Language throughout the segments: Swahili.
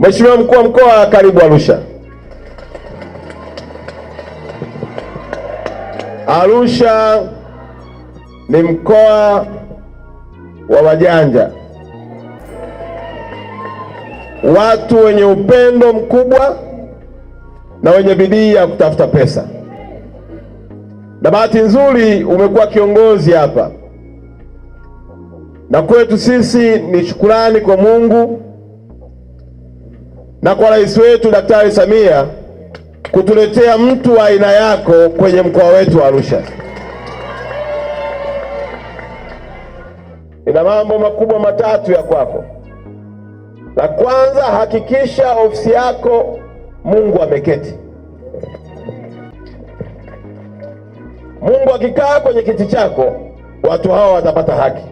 Mheshimiwa mkuu wa mkoa, karibu Arusha. Arusha ni mkoa wa wajanja, watu wenye upendo mkubwa na wenye bidii ya kutafuta pesa, na bahati nzuri umekuwa kiongozi hapa, na kwetu sisi ni shukurani kwa Mungu na kwa rais wetu Daktari Samia kutuletea mtu wa aina yako kwenye mkoa wetu wa Arusha. Nina mambo makubwa matatu ya kwako. La kwanza, hakikisha ofisi yako Mungu ameketi. Mungu akikaa kwenye kiti chako, watu hawa watapata haki,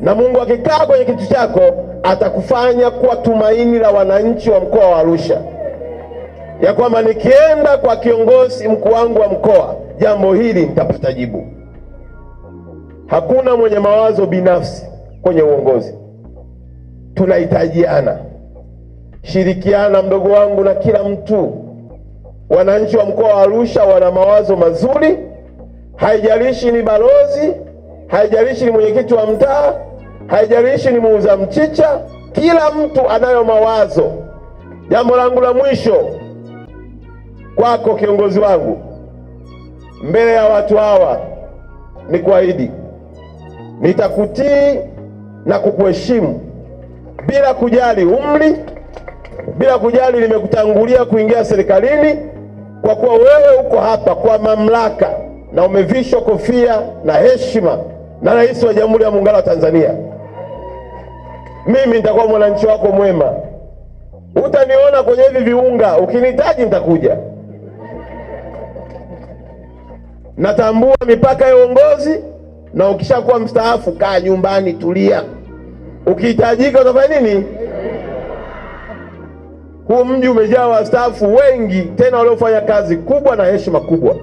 na Mungu akikaa kwenye kiti chako atakufanya kuwa tumaini la wananchi wa mkoa wa Arusha, ya kwamba nikienda kwa kiongozi mkuu wangu wa mkoa, jambo hili nitapata jibu. Hakuna mwenye mawazo binafsi kwenye uongozi, tunahitajiana. Shirikiana mdogo wangu na kila mtu. Wananchi wa mkoa wa Arusha wana mawazo mazuri, haijalishi ni balozi, haijalishi ni mwenyekiti wa mtaa haijalishi ni muuza mchicha, kila mtu anayo mawazo. Jambo langu la mwisho kwako kiongozi wangu, mbele ya watu hawa, ni kuahidi nitakutii na kukuheshimu bila kujali umri, bila kujali nimekutangulia kuingia serikalini, kwa kuwa wewe uko hapa kwa mamlaka na umevishwa kofia na heshima na Rais wa Jamhuri ya Muungano wa Tanzania mimi nitakuwa mwananchi wako mwema. Utaniona kwenye hivi viunga, ukinihitaji nitakuja. Natambua mipaka ya uongozi, na ukishakuwa mstaafu, kaa nyumbani, tulia. Ukihitajika utafanya nini? Huu mji umejaa wastaafu wengi, tena waliofanya kazi kubwa na heshima kubwa.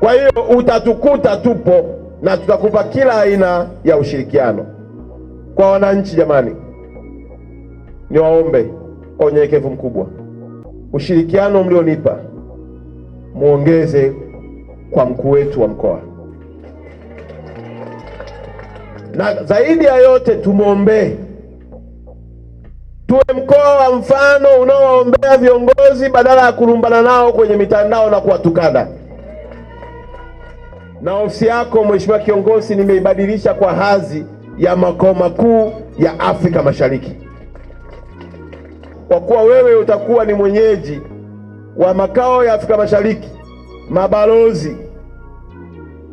Kwa hiyo utatukuta tupo na tutakupa kila aina ya ushirikiano. Kwa wananchi, jamani, niwaombe kwa unyenyekevu mkubwa, ushirikiano mlionipa muongeze kwa mkuu wetu wa mkoa, na zaidi ya yote tumwombee tuwe mkoa wa mfano unaoombea viongozi badala ya kulumbana nao kwenye mitandao na kuwatukana. Na ofisi yako Mheshimiwa kiongozi, nimeibadilisha kwa hadhi ya makao makuu ya Afrika Mashariki. Kwa kuwa wewe utakuwa ni mwenyeji wa makao ya Afrika Mashariki, mabalozi,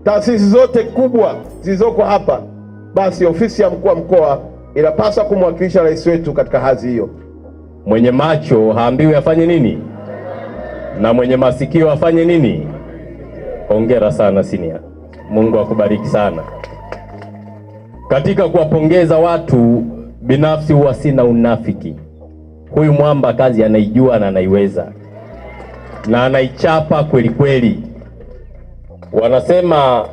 taasisi zote kubwa zilizoko hapa, basi ofisi ya mkuu wa mkoa inapaswa kumwakilisha rais wetu katika hadhi hiyo. Mwenye macho haambiwi afanye nini na mwenye masikio afanye nini. Hongera sana sinia Mungu akubariki sana. Katika kuwapongeza watu binafsi, huwa sina unafiki. Huyu mwamba kazi anaijua na anaiweza na anaichapa kweli kweli. Wanasema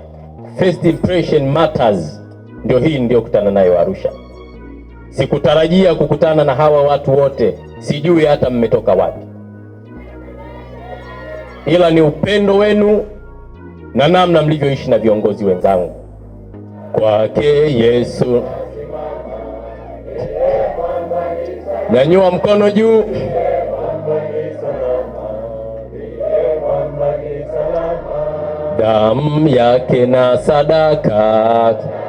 first impression matters, ndio hii ndio kutana nayo Arusha. Sikutarajia kukutana na hawa watu wote, sijui hata mmetoka wapi, ila ni upendo wenu na namna mlivyoishi na viongozi wenzangu kwake Yesu. Nyanyua mkono juu, damu yake na sadaka